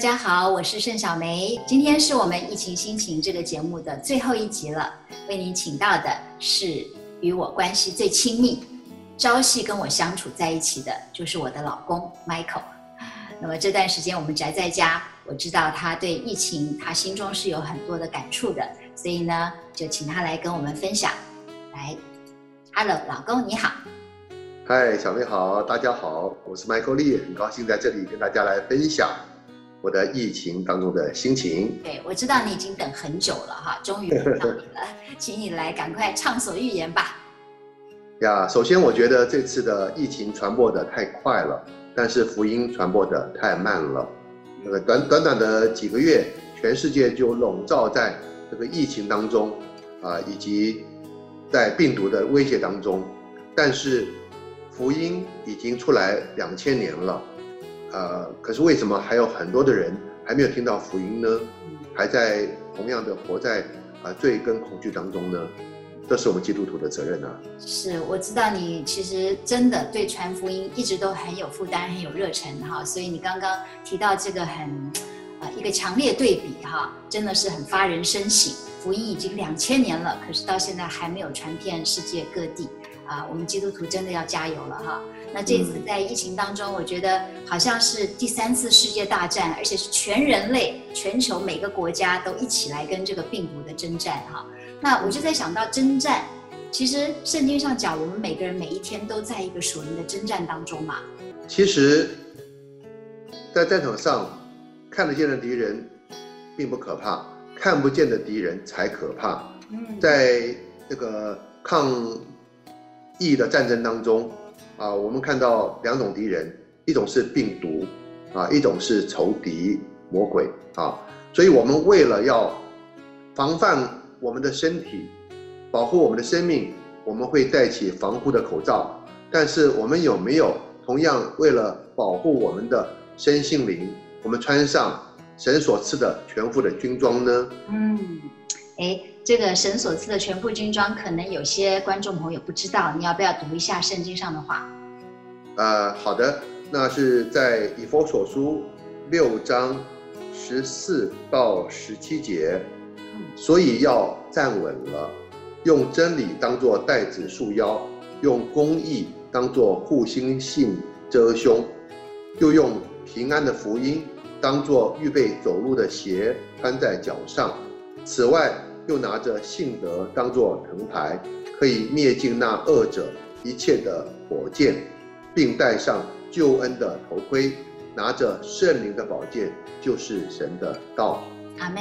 大家好，我是盛曉玫。今天是我們《疫情心情》這個節目的最後一集了。為您請到的是與我關係最親密、朝夕跟我相處在一起的，就是我的老公 Michael。那麼這段時間我們宅在家，我知道他對疫情，他心中是有很多的感觸的，所以呢，就請他來跟我們分享。來，Hello，老公你好。嗨，曉玫好，大家好，我是 Michael Li，很高興在這裡跟大家來分享。我的疫情當中的心情，對，我知道你已經等很久了哈，終於等到你了， 請你來趕快暢所欲言吧。呀，首先我覺得這次的疫情傳播的太快了，但是福音傳播的太慢了。這個短短短的幾個月，全世界就籠罩在這個疫情當中啊，以及在病毒的威脅當中，但是福音已經出來兩千年了。呃，可是為什麼還有很多的人還沒有聽到福音呢？還在同樣的活在啊、呃、罪跟恐懼當中呢？這是我們基督徒的責任呢、啊。是，我知道你其實真的對傳福音一直都很有負擔，很有熱忱哈。所以你剛剛提到這個很啊、呃、一個強烈對比哈，真的是很發人深省。福音已經兩千年了，可是到現在還沒有傳遍世界各地。啊，我們基督徒真的要加油了哈！那這次在疫情當中，我覺得好像是第三次世界大戰，而且是全人類、全球每個國家都一起來跟這個病毒的征戰哈。那我就在想到征戰，其實聖經上講，我們每個人每一天都在一個屬靈的征戰當中嘛。其實，在戰場上看得見的敵人並不可怕，看不見的敵人才可怕。嗯，在這個抗意義的戰爭當中，啊，我們看到兩種敵人，一種是病毒，啊，一種是仇敵、魔鬼，啊，所以我們為了要防範我們的身體，保護我們的生命，我們會戴起防護的口罩。但是我們有沒有同樣為了保護我們的身心靈，我們穿上？神所賜的全副的軍裝呢？嗯，哎，這個神所賜的全副軍裝，可能有些觀眾朋友不知道，你要不要讀一下聖經上的話？呃，好的，那是在以弗所書六章十四到十七節，嗯、所以要站穩了，用真理當做帶子束腰，用公義當做護心鏡遮胸，又用平安的福音，當做預備走路的鞋穿在腳上，此外又拿着信德當做藤牌，可以滅盡那惡者一切的火箭，並戴上救恩的頭盔，拿着聖靈的寶劍，就是神的道。阿們。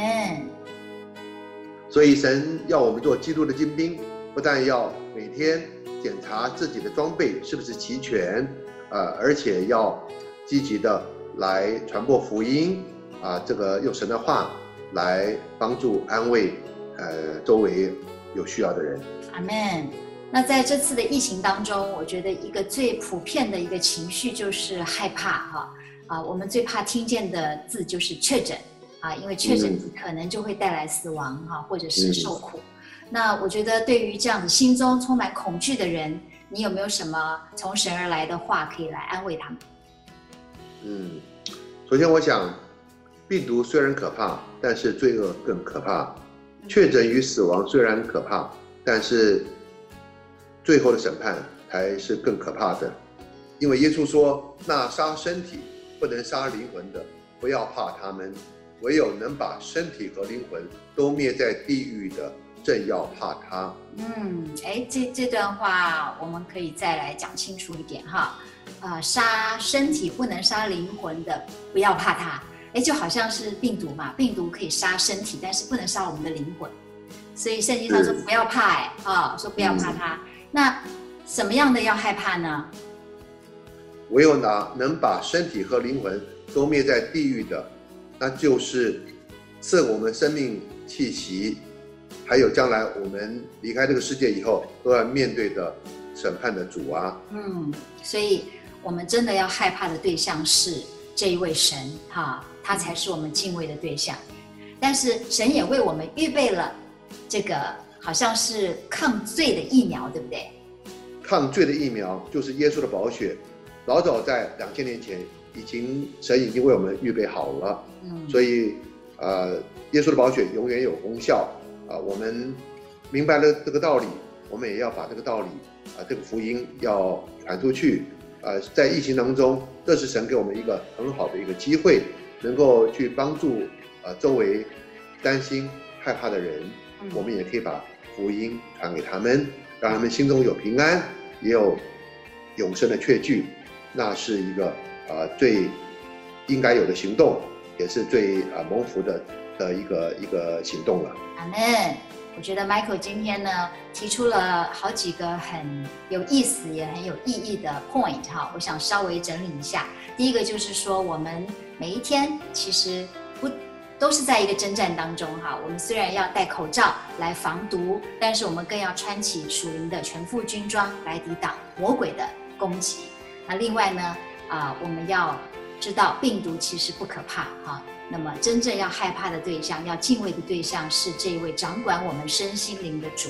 所以神要我們做基督的精兵，不但要每天檢查自己的裝備是不是齊全，啊、呃，而且要積極的。來傳播福音啊！這個用神的話來幫助安慰，呃，周圍有需要的人。Amen。那在這次的疫情當中，我覺得一個最普遍的一個情緒就是害怕哈啊，啊，我們最怕聽見的字就是確診啊，因為確診可能就會帶來死亡哈，嗯、或者是受苦。嗯、那我覺得對於這樣子心中充滿恐懼的人，你有沒有什麼從神而來的話可以來安慰他們？嗯。首先，我想，病毒雖然可怕，但是罪惡更可怕；確診與死亡雖然可怕，但是最後的審判還是更可怕的。因為耶穌說：“那殺身體不能殺靈魂的，不要怕他們；唯有能把身體和靈魂都滅在地獄的，正要怕他。”嗯，誒，這這段話我們可以再來講清楚一點哈。呃，殺身體不能殺靈魂的，不要怕它。哎，就好像是病毒嘛，病毒可以殺身體，但是不能殺我們的靈魂。所以聖經上說不要怕，欸，哎，嗯，啊，哦，說不要怕它。嗯，那什麼樣的要害怕呢？唯有呢，能把身體和靈魂都滅在地獄的，那就是賜我們生命氣息，還有將來我們離開這個世界以後都要面對的審判的主啊。嗯，所以。我們真的要害怕的對象是這一位神哈、啊，他才是我們敬畏的對象。但是神也為我們預備了這個好像是抗罪的疫苗，對不對？抗罪的疫苗就是耶穌的寶血，老早在兩千年前已經神已經為我們預備好了。嗯，所以啊、呃，耶穌的寶血永遠有功效啊、呃。我們明白了這個道理，我們也要把這個道理啊、呃，這個福音要傳出去。呃，在疫情當中，這是神給我們一個很好的一個機會，能夠去幫助啊、呃、周圍擔心、害怕的人，嗯、我們也可以把福音傳給他們，讓他們心中有平安，也有永生的確據，那是一個啊、呃、最應該有的行動，也是最啊、呃、蒙福的的一個一個行動了。阿門。我覺得 Michael 今天呢提出了好幾個很有意思也很有意義的 point 哈，我想稍微整理一下。第一個就是說，我們每一天其實不都是在一個征戰當中哈。我們雖然要戴口罩來防毒，但是我們更要穿起屬靈的全副軍裝來抵擋魔鬼的攻擊。那另外呢，啊、呃，我們要知道病毒其實不可怕哈。那麼，真正要害怕的對象、要敬畏的對象是這一位掌管我們身心靈的主，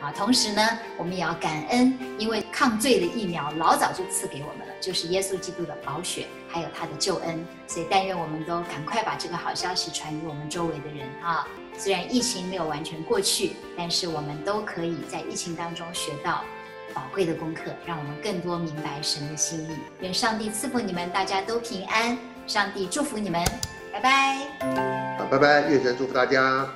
啊，同時呢，我們也要感恩，因為抗罪的疫苗老早就賜給我們了，就是耶穌基督的寶血，還有他的救恩。所以，但願我們都趕快把這個好消息傳給我們周圍的人啊！雖然疫情沒有完全過去，但是我們都可以在疫情當中學到寶貴的功課，讓我們更多明白神的心意。願上帝賜福你們，大家都平安！上帝祝福你們。拜拜，好，拜拜，願神祝福大家。